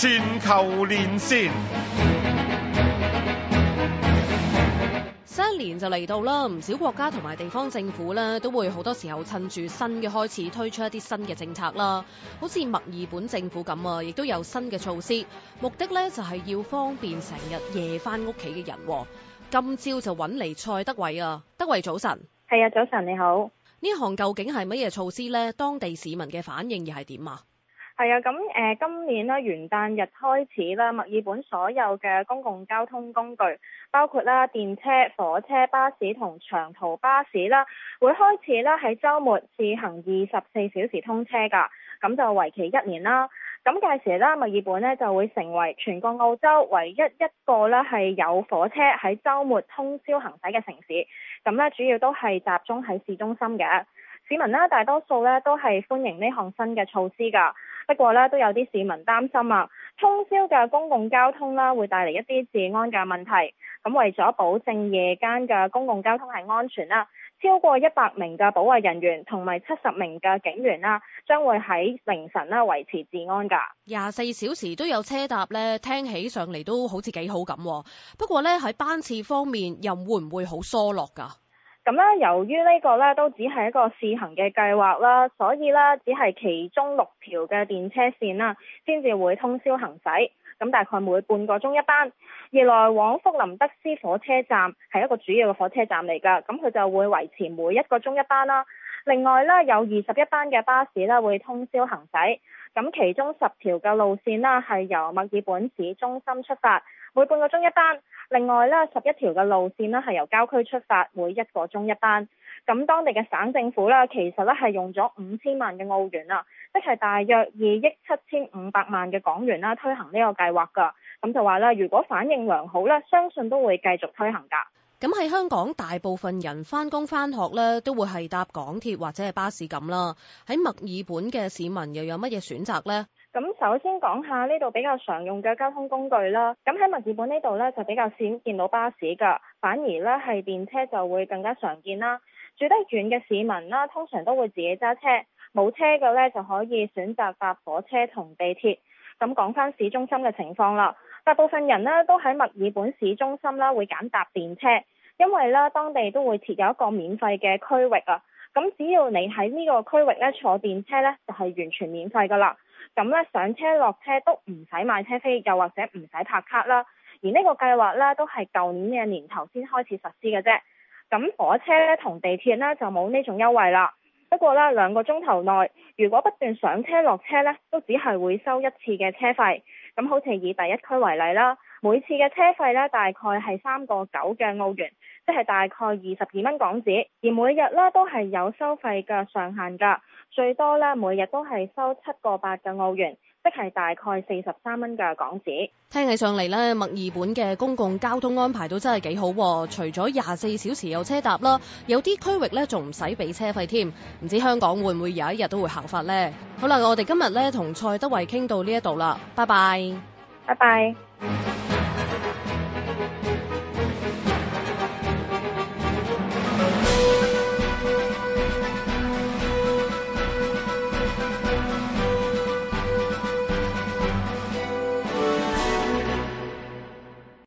全球連線，新一年就嚟到啦，唔少國家同埋地方政府呢都會好多時候趁住新嘅開始推出一啲新嘅政策啦。好似墨爾本政府咁啊，亦都有新嘅措施，目的呢就係要方便成日夜翻屋企嘅人。今朝就揾嚟蔡德蕙啊，德蕙早晨，係啊，早晨你好。呢項究竟係乜嘢措施呢？當地市民嘅反應又係點啊？係、嗯、啊，咁今年咧元旦日開始啦，墨爾本所有嘅公共交通工具，包括啦電車、火車、巴士同長途巴士啦，會開始喺週末試行二十四小時通車噶，咁就為期一年啦。咁屆時啦，墨爾本呢就會成為全個澳洲唯一一個咧係有火車喺週末通宵行駛嘅城市。咁咧主要都係集中喺市中心嘅市民啦，大多數咧都係歡迎呢項新嘅措施噶。不過咧，都有啲市民擔心啊，通宵嘅公共交通啦，會帶嚟一啲治安嘅問題。咁為咗保證夜間嘅公共交通係安全啦，超過一百名嘅保衛人員同埋七十名嘅警員啦，將會喺凌晨啦維持治安噶。廿四小時都有車搭咧，聽起上嚟都好似幾好咁。不過咧，喺班次方面，又會唔會好疏落噶？咁咧，由於呢個咧都只係一個試行嘅計劃啦，所以咧只係其中六條嘅電車線啦，先至會通宵行駛。咁大概每半個鐘一班。而來往福林德斯火車站係一個主要嘅火車站嚟㗎，咁佢就會維持每一個鐘一班啦。另外咧，有二十一班嘅巴士咧會通宵行駛。咁其中十條嘅路線呢，係由墨爾本市中心出發，每半個鐘一班；另外咧，十一條嘅路線呢，係由郊區出發，每一個鐘一班。咁當地嘅省政府咧，其實咧係用咗五千萬嘅澳元啊，即係大約二億七千五百萬嘅港元啦，推行呢個計劃噶。咁就話咧，如果反應良好咧，相信都會繼續推行噶。咁喺香港，大部分人翻工翻學咧，都會係搭港鐵或者係巴士咁啦。喺墨爾本嘅市民又有乜嘢選擇呢？咁首先講下呢度比較常用嘅交通工具啦。咁喺墨爾本呢度呢，就比較少見到巴士噶，反而呢係電車就會更加常見啦。住得遠嘅市民啦，通常都會自己揸車。冇車嘅呢就可以選擇搭火車同地鐵。咁講翻市中心嘅情況啦。大部分人呢都喺墨爾本市中心啦，會揀搭電車，因為咧當地都會設有一個免費嘅區域啊。咁只要你喺呢個區域咧坐電車咧，就係完全免費噶啦。咁咧上車落車都唔使買車飛，又或者唔使拍卡啦。而呢個計劃咧都係舊年嘅年頭先開始實施嘅啫。咁火車咧同地鐵咧就冇呢種優惠啦。不過咧兩個鐘頭內，如果不斷上車落車咧，都只係會收一次嘅車費。咁好似以第一區為例啦，每次嘅車費咧大概係三個九嘅澳元，即係大概二十二蚊港紙，而每日咧都係有收費嘅上限㗎，最多咧每日都係收七個八嘅澳元。即係大概四十三蚊嘅港紙，聽起上嚟咧，墨爾本嘅公共交通安排都真係幾好。除咗廿四小時有車搭啦，有啲區域呢仲唔使俾車費添。唔知香港會唔會有一日都會效法呢？好啦，我哋今日呢同蔡德蕙傾到呢一度啦，拜拜，拜拜。